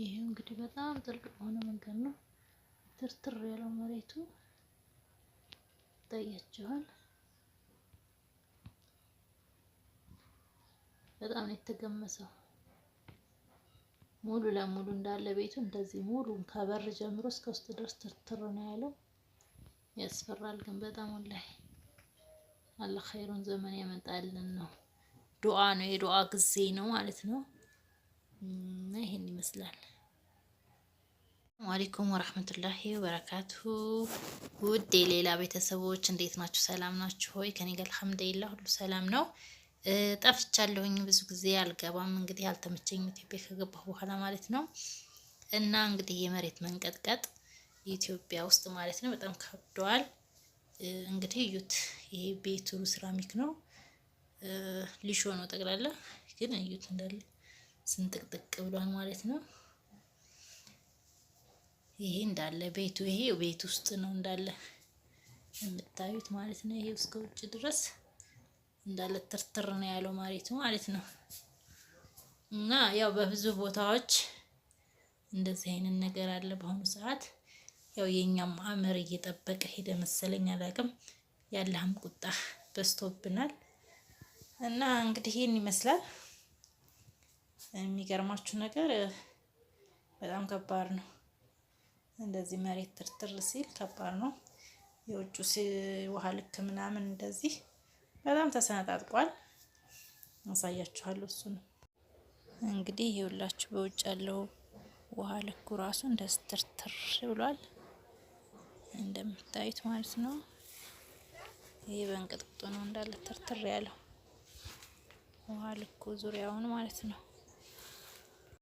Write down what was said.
ይሄ እንግዲህ በጣም ጥልቅ በሆነ መንገድ ነው ትርትር ያለው መሬቱ ይታያችኋል። በጣም ነው የተገመሰው ሙሉ ለሙሉ እንዳለ ቤቱ እንደዚህ ሙሉ ከበር ጀምሮ እስከ ውስጥ ድረስ ትርትር ነው ያለው። ያስፈራል ግን በጣም ወላሂ። አላህ ኸይሩን ዘመን ያመጣልን ነው። ዱዓ ነው የዱዓ ጊዜ ነው ማለት ነው። እና ይሄን ይመስላል። አለይኩም ወራህመቱላሂ ወበረካቱ። ውድ የሌላ ቤተሰቦች እንዴት ናችሁ? ሰላም ናችሁ ሆይ? ከኔ ጋር አልሐምዱሊላህ ሁሉ ሰላም ነው። ጠፍቻለሁኝ ብዙ ጊዜ አልገባም። እንግዲህ አልተመቸኝም ኢትዮጵያ ከገባሁ በኋላ ማለት ነው። እና እንግዲህ የመሬት መንቀጥቀጥ ኢትዮጵያ ውስጥ ማለት ነው በጣም ከብደዋል። እንግዲህ እዩት፣ ይሄ ቤቱ ሴራሚክ ነው፣ ሊሾ ነው ጠቅላላ። ግን እዩት እንዳለ ስንጥቅጥቅ ብሏል ማለት ነው። ይሄ እንዳለ ቤቱ ይሄ ቤት ውስጥ ነው እንዳለ የምታዩት ማለት ነው። ይሄ እስከ ውጭ ድረስ እንዳለ ትርትር ነው ያለው መሬቱ ማለት ነው። እና ያው በብዙ ቦታዎች እንደዚህ አይነት ነገር አለ በአሁኑ ሰዓት። ያው የእኛም አመር እየጠበቀ ሄደ መሰለኝ አላቅም። ያለህም ቁጣ በዝቶብናል እና እንግዲህ ይህን ይመስላል። የሚገርማችሁ ነገር በጣም ከባድ ነው። እንደዚህ መሬት ትርትር ሲል ከባድ ነው። የውጩ ውሃ ልክ ምናምን እንደዚህ በጣም ተሰነጣጥቋል። አሳያችኋለሁ። እሱ ነው እንግዲህ ይኸውላችሁ፣ በውጭ ያለው ውሃ ልኩ ራሱ እንደዚህ ትርትር ብሏል እንደምታዩት ማለት ነው። ይህ በእንቅጥቅጡ ነው እንዳለ ትርትር ያለው ውሃ ልኩ ዙሪያውን ማለት ነው።